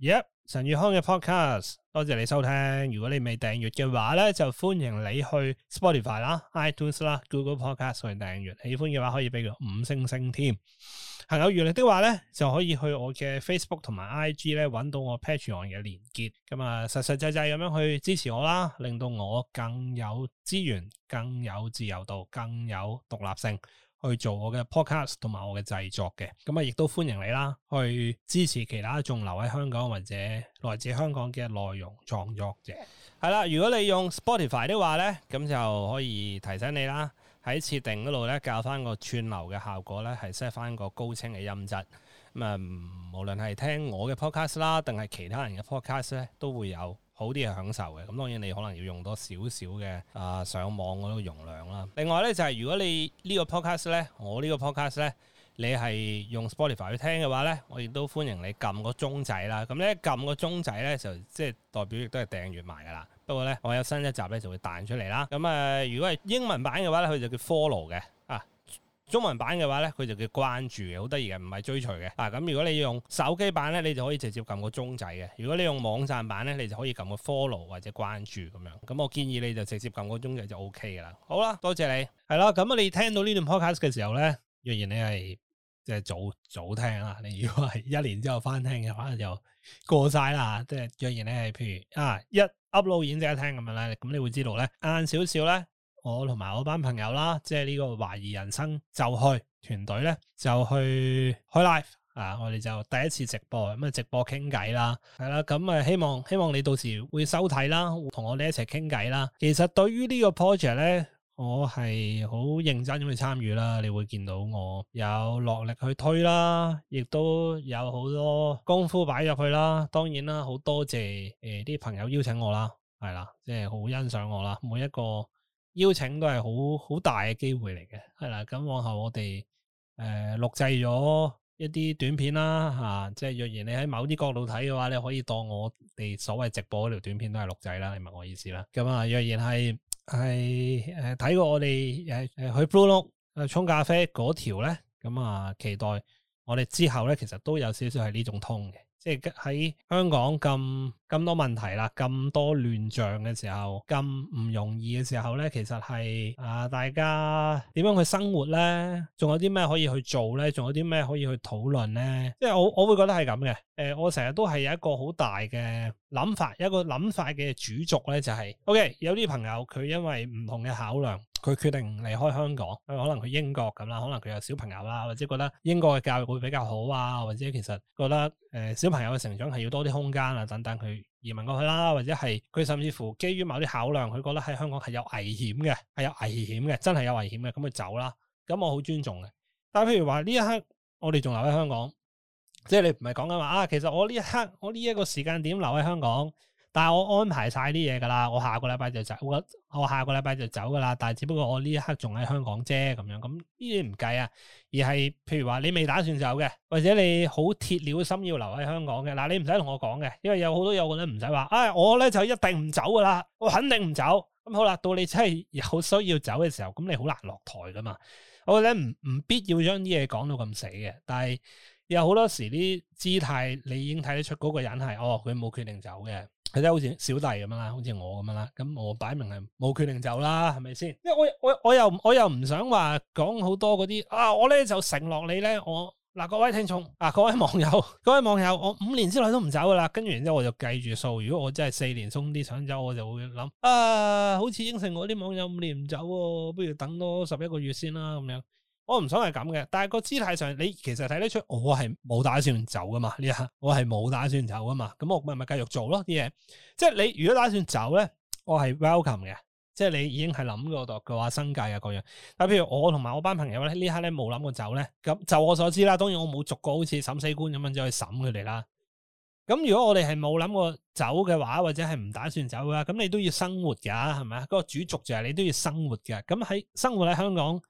Yep！陳宇康嘅 podcast，多謝你收聽。如果你未訂閱嘅話咧，就歡迎你去 Spotify 啦、iTunes 啦、Google Podcast 去訂閱。喜歡嘅話可以俾佢五星星添。行有餘力的話咧，就可以去我嘅 Facebook 同埋 IG 咧，揾到我 Patreon 嘅鏈接，咁啊實實際際咁樣去支持我啦，令到我更有資源、更有自由度、更有獨立性。去做我嘅 podcast 同埋我嘅製作嘅，咁啊，亦都歡迎你啦，去支持其他仲留喺香港或者來自香港嘅內容創作者。係啦，如果你用 Spotify 的話咧，咁就可以提醒你啦，喺設定嗰度咧，校翻個串流嘅效果咧，係 set 翻個高清嘅音質。咁啊，無論係聽我嘅 podcast 啦，定係其他人嘅 podcast 咧，都會有。好啲嘅享受嘅，咁當然你可能要用多少少嘅，啊，上網嗰個容量啦。另外咧就係、是、如果你個呢個 podcast 咧，我個呢個 podcast 咧，你係用 Spotify 去聽嘅話咧，我亦都歡迎你撳個鐘仔啦。咁咧撳個鐘仔咧就即係代表亦都係訂閱埋噶啦。不過咧我有新一集咧就會彈出嚟啦。咁、嗯、啊、呃、如果係英文版嘅話咧，佢就叫 Follow 嘅啊。中文版嘅話咧，佢就叫關注嘅，好得意嘅，唔係追隨嘅。嗱、啊，咁如果你要用手機版咧，你就可以直接撳個鐘仔嘅；如果你用網站版咧，你就可以撳個 follow 或者關注咁樣。咁我建議你就直接撳個鐘仔就 OK 噶啦。好啦，多謝你。係啦 Star，咁 你哋聽到呢段 podcast 嘅時候咧，若然你係即係早早聽啦，你如果係一年之後翻聽嘅話就過晒啦。即係、 嗯、若然你係譬如啊一 upload 完即刻聽咁樣咧，咁你會知道咧晏少少咧。我同埋我班朋友啦，即係呢個懷疑人生就去團隊呢，就去開 live 啊！我哋就第一次直播，咁啊直播傾偈啦，係啦，咁啊希望希望你到時會收睇啦，同我哋一齊傾偈啦。其實對於呢個 project 呢，我係好認真咁去參與啦。你會見到我有落力去推啦，亦都有好多功夫擺入去啦。當然啦，好多謝誒啲朋友邀請我啦，係啦，即係好欣賞我啦。每一個。邀請都係好好大嘅機會嚟嘅，係啦。咁往後我哋誒、呃、錄製咗一啲短片啦，吓、啊，即係若然你喺某啲角度睇嘅話，你可以當我哋所謂直播嗰條短片都係錄製啦。你明我意思啦。咁、嗯、啊，若然係係誒睇過我哋、呃、去 Blue Look 誒、呃、沖咖啡嗰條呢，咁、嗯、啊、呃、期待我哋之後呢，其實都有少少係呢種通嘅。即係喺香港咁咁多問題啦，咁多亂象嘅時候，咁唔容易嘅時候咧，其實係啊，呃，大家點樣去生活咧？仲有啲咩可以去做咧？仲有啲咩可以去討論咧？即係我我會覺得係咁嘅。誒，呃，我成日都係有一個好大嘅諗法，一個諗法嘅主軸咧就係，OK，有啲朋友佢因為唔同嘅考量。佢決定離開香港，可能佢英國咁啦，可能佢有小朋友啦，或者覺得英國嘅教育會比較好啊，或者其實覺得誒、呃、小朋友嘅成長係要多啲空間啊等等，佢移民過去啦，或者係佢甚至乎基於某啲考量，佢覺得喺香港係有危險嘅，係有危險嘅，真係有危險嘅，咁佢走啦。咁我好尊重嘅。但係譬如話呢一刻，我哋仲留喺香港，即係你唔係講緊話啊，其實我呢一刻，我呢一個時間點留喺香港。但係我安排晒啲嘢噶啦，我下個禮拜就走，我我下個禮拜就走噶啦。但係只不過我呢一刻仲喺香港啫，咁樣咁呢啲唔計啊。而係譬如話你未打算走嘅，或者你好鐵了心要留喺香港嘅，嗱，你唔使同我講嘅，因為有好多有嘅咧唔使話，啊、哎、我咧就一定唔走噶啦，我肯定唔走。咁、嗯、好啦，到你真係有需要走嘅時候，咁你好難落台噶嘛。我覺得唔唔必要將啲嘢講到咁死嘅，但係有好多時啲姿態，你已經睇得出嗰個人係哦，佢冇決定走嘅。係咧，真好似小弟咁樣啦，好似我咁樣啦，咁我擺明係冇決定走啦，係咪先？因為我我我又我又唔想話講好多嗰啲啊，我咧就承諾你咧，我嗱、啊、各位聽眾啊，各位網友，各位網友，我五年之內都唔走噶啦，跟住然之後我就計住數，如果我真係四年鬆啲想走，我就會諗啊，好似應承我啲網友五年唔走，啊，不如等多十一個月先啦，啊，咁樣。我唔想係咁嘅，但係個姿態上，你其實睇得出我係冇打算走噶嘛？呢下我係冇打算走噶嘛？咁我咪咪繼續做咯啲嘢。即係你如果打算走咧，我係 welcome 嘅。即係你已經係諗過度嘅話，新界啊各樣。但譬如我同埋我班朋友咧，刻呢刻咧冇諗過走咧。咁就我所知啦，當然我冇逐個好似審死官咁樣去審佢哋啦。咁如果我哋係冇諗過走嘅話，或者係唔打算走啦，咁你都要生活噶，係咪？嗰、嗰個主軸就係你都要生活嘅。咁喺生活喺香港。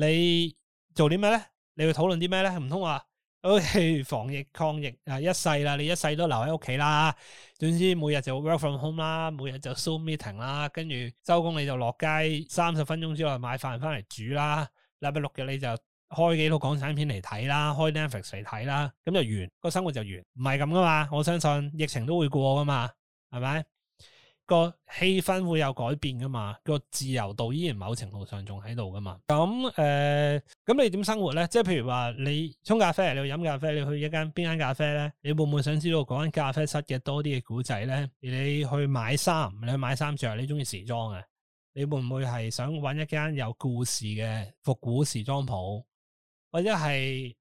你做啲咩咧？你會討論啲咩咧？唔通話，OK，防疫抗疫啊，一世啦，你一世都留喺屋企啦。總之每日就 work from home 啦，每日就 zoom meeting 啦，跟住收工你就落街三十分鐘之內買飯翻嚟煮啦。禮拜六日你就開幾套港產片嚟睇啦，開 Netflix 嚟睇啦，咁就完，個生活就完。唔係咁噶嘛，我相信疫情都會過噶嘛，係咪？個氣氛會有改變噶嘛？個自由度依然某程度上仲喺度噶嘛？咁誒，咁、呃、你點生活咧？即係譬如話你沖咖啡，你去飲咖啡，你去一間邊間咖啡咧？你會唔會想知道嗰間咖啡室嘅多啲嘅古仔咧？你去買衫，你去買衫着，你中意時裝嘅，你會唔會係想搵一間有故事嘅復古時裝鋪？或者係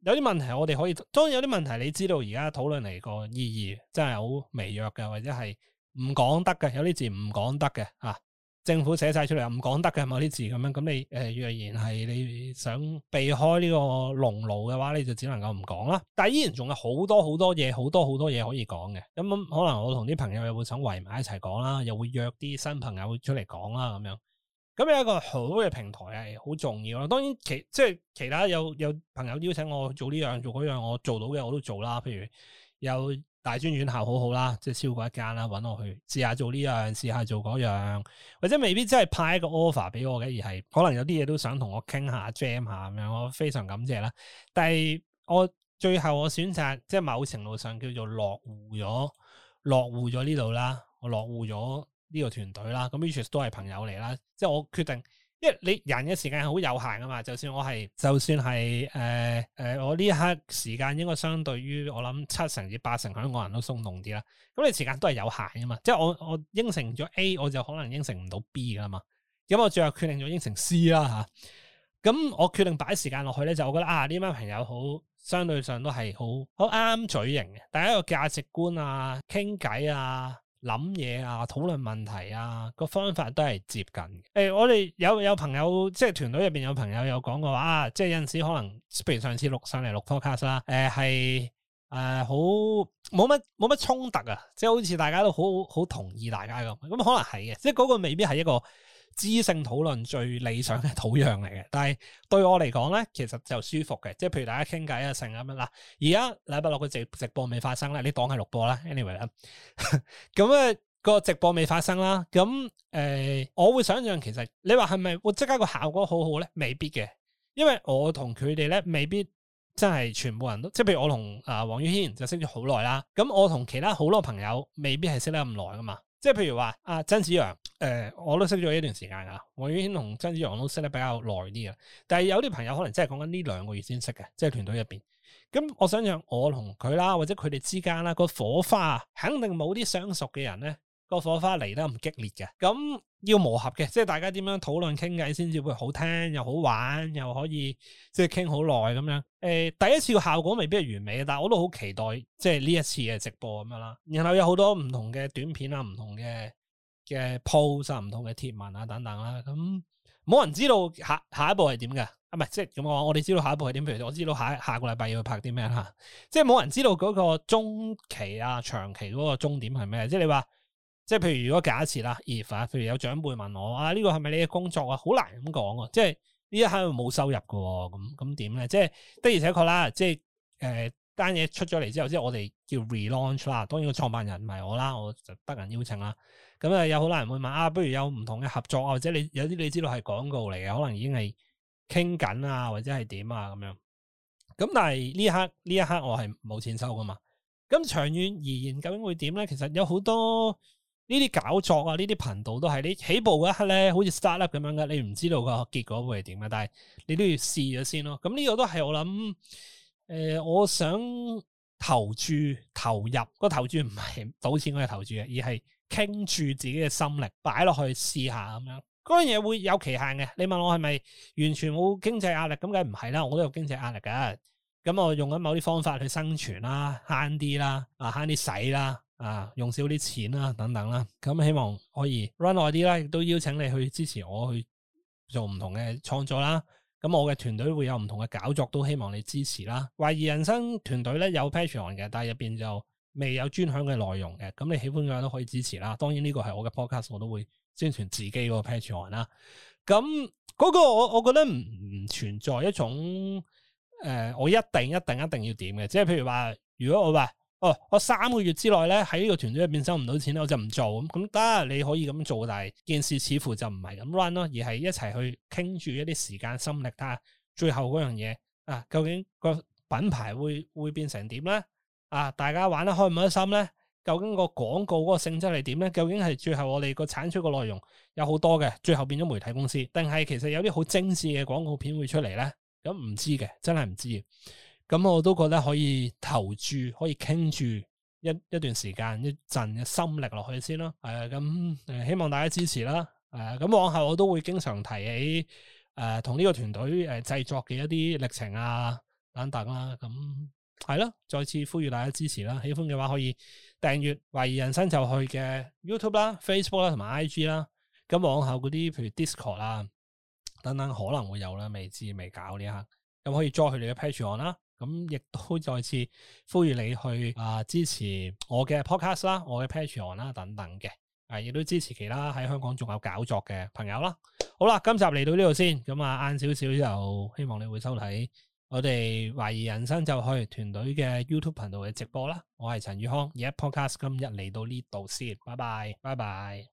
有啲問題，我哋可以，當然有啲問題，你知道而家討論嚟個意義真係好微弱嘅，或者係。唔講得嘅，有啲字唔講得嘅，吓、啊、政府寫晒出嚟，又唔講得嘅某啲字咁樣，咁你誒、呃、若然係你想避開呢個籠牢嘅話，你就只能夠唔講啦。但係依然仲有好多好多嘢，好多好多嘢可以講嘅。咁可能我同啲朋友又會想圍埋一齊講啦，又會約啲新朋友出嚟講啦咁樣。咁有一個好嘅平台係好重要啦。當然其即係其他有有朋友邀請我做呢樣做嗰樣，我做到嘅我都做啦。譬如有。大專院校好好啦，即係超過一間啦，揾我去試下做呢樣，試下做嗰樣，或者未必真係派一個 offer 俾我嘅，而係可能有啲嘢都想同我傾下、jam 下咁樣，我非常感謝啦。但係我最後我選擇即係某程度上叫做落戶咗，落戶咗呢度啦，我落戶咗呢個團隊啦。咁 which 都係朋友嚟啦，即係我決定。即係你人嘅時間係好有限噶嘛，就算我係，就算係，誒、呃、誒、呃，我呢一刻時間應該相對於我諗七成至八成香港人都鬆動啲啦，咁你時間都係有限噶嘛，即係我我應承咗 A，我就可能應承唔到 B 噶嘛，咁我最後決定咗應承 C 啦，吓，咁我決定擺時間落去咧，就我覺得啊，呢班朋友好相對上都係好好啱嘴型嘅，大家個價值觀啊，傾偈啊。諗嘢啊，討論問題啊，個方法都係接近嘅。誒、哎，我哋有有朋友即係團隊入邊有朋友有講過話、啊，即係有陣時可能，譬如上次錄上嚟錄 podcast 啦，誒係誒好冇乜冇乜衝突啊，即係好似大家都好好同意大家咁，咁、嗯、可能係嘅，即係嗰個未必係一個。知性討論最理想嘅土壤嚟嘅，但係對我嚟講咧，其實就舒服嘅，即係譬如大家傾偈啊，成咁樣啦。而家禮拜六嘅直直播未發生啦，你當係錄播啦。Anyway 啦，咁 啊、那個直播未發生啦，咁誒、呃，我會想象其實你話係咪會即刻個效果好好咧？未必嘅，因為我同佢哋咧未必真係全部人都，即係譬如我同啊黃宇軒就識咗好耐啦，咁我同其他好多朋友未必係識得咁耐噶嘛。即係譬如話阿曾子陽，誒、呃，我都識咗一段時間啊。黃宇軒同曾子陽都識得比較耐啲啊。但係有啲朋友可能真係講緊呢兩個月先識嘅，即係團隊入邊。咁我想像我同佢啦，或者佢哋之間啦，個火花，啊、肯定冇啲相熟嘅人咧。個火花嚟得唔激烈嘅，咁要磨合嘅，即係大家點樣討論傾偈，先至會好聽，又好玩，又可以即係傾好耐咁樣。誒、呃，第一次嘅效果未必係完美嘅，但係我都好期待，即係呢一次嘅直播咁樣啦。然後有好多唔同嘅短片啊，唔同嘅嘅 post 唔同嘅貼文啊等等啦。咁、嗯、冇人知道下下一步係點嘅，啊，唔係即係咁講，我哋知道下一步係點。譬如我知道下下個禮拜要拍啲咩啦，即係冇人知道嗰個中期啊、長期嗰個終點係咩。即係你話。即係譬如如果假設啦，if 譬如有長輩問我啊，呢個係咪你嘅工作啊？好難咁講啊！即係呢一刻冇收入嘅，咁咁點咧？即係的而且確啦，即係誒、呃，單嘢出咗嚟之後，即係我哋叫 re-launch 啦。Unch, 當然個創辦人唔係我啦，我就得人邀請啦。咁啊，有好多人會問啊，不如有唔同嘅合作啊，或者你有啲你知道係廣告嚟嘅，可能已經係傾緊啊，或者係點啊咁樣。咁但係呢一刻呢一刻我係冇錢收噶嘛。咁長遠而言究竟會點咧？其實有好多。呢啲搞作啊，呢啲頻道都係你起步嗰一刻咧，好似 startup 咁樣噶，你唔知道個結果會係點啊！但係你都要試咗先咯。咁呢個都係我諗，誒、呃，我想投注、投入、個投注唔係賭錢，我係投注嘅，而係傾注自己嘅心力，擺落去試下咁樣。嗰樣嘢會有期限嘅。你問我係咪完全冇經濟壓力？咁梗係唔係啦，我都有經濟壓力嘅。咁我用緊某啲方法去生存啦，慳啲啦，啊慳啲使啦。啊，用少啲錢啦、啊，等等啦、啊，咁、嗯、希望可以 run 耐啲啦，亦都邀請你去支持我去做唔同嘅創作啦。咁、嗯、我嘅團隊會有唔同嘅搞作，都希望你支持啦。懷疑人生團隊咧有 Patreon 嘅，但係入邊就未有專享嘅內容嘅。咁、嗯、你喜歡嘅都可以支持啦。當然呢個係我嘅 podcast，我都會宣傳，傳自己個 Patreon 啦。咁、嗯、嗰、那個我我覺得唔存在一種誒、呃，我一定一定一定要點嘅，即係譬如話，如果我話。哦，我三個月之內咧，喺呢個團隊入邊收唔到錢咧，我就唔做咁，咁、嗯、當然、嗯嗯、你可以咁做，但係件事似乎就唔係咁 run 咯，而係一齊去傾住一啲時間心力睇下最後嗰樣嘢啊，究竟個品牌會會變成點咧？啊，大家玩得開唔開心咧？究竟個廣告嗰個性質係點咧？究竟係最後我哋個產出個內容有好多嘅，最後變咗媒體公司，定係其實有啲好精緻嘅廣告片會出嚟咧？咁、嗯、唔知嘅，真係唔知。咁我都覺得可以投注，可以傾住一一段時間一陣嘅心力落去先咯、呃呃。希望大家支持啦。誒、呃，往後我都會經常提起同呢、呃、個團隊誒、呃、製作嘅一啲歷程啊等等啦。咁係咯，再次呼籲大家支持啦。喜歡嘅話可以訂閱《懷疑人生就去》嘅 YouTube 啦、Facebook 啦同埋 IG 啦。咁往後嗰啲譬如 Discord 啦等等可能會有啦，未知未搞呢下。咁可以 join 佢哋嘅 Patreon 啦。咁亦都再次呼籲你去、呃、支持我嘅 podcast 啦，我嘅 patreon 啦等等嘅，啊，亦都支持其他喺香港仲有搞作嘅朋友啦。好啦，今集嚟到呢度先，咁啊晏少少又希望你會收睇我哋懷疑人生就去團隊嘅 YouTube 頻道嘅直播啦。我係陳宇康，而家 podcast 今日嚟到呢度先，拜拜，拜拜。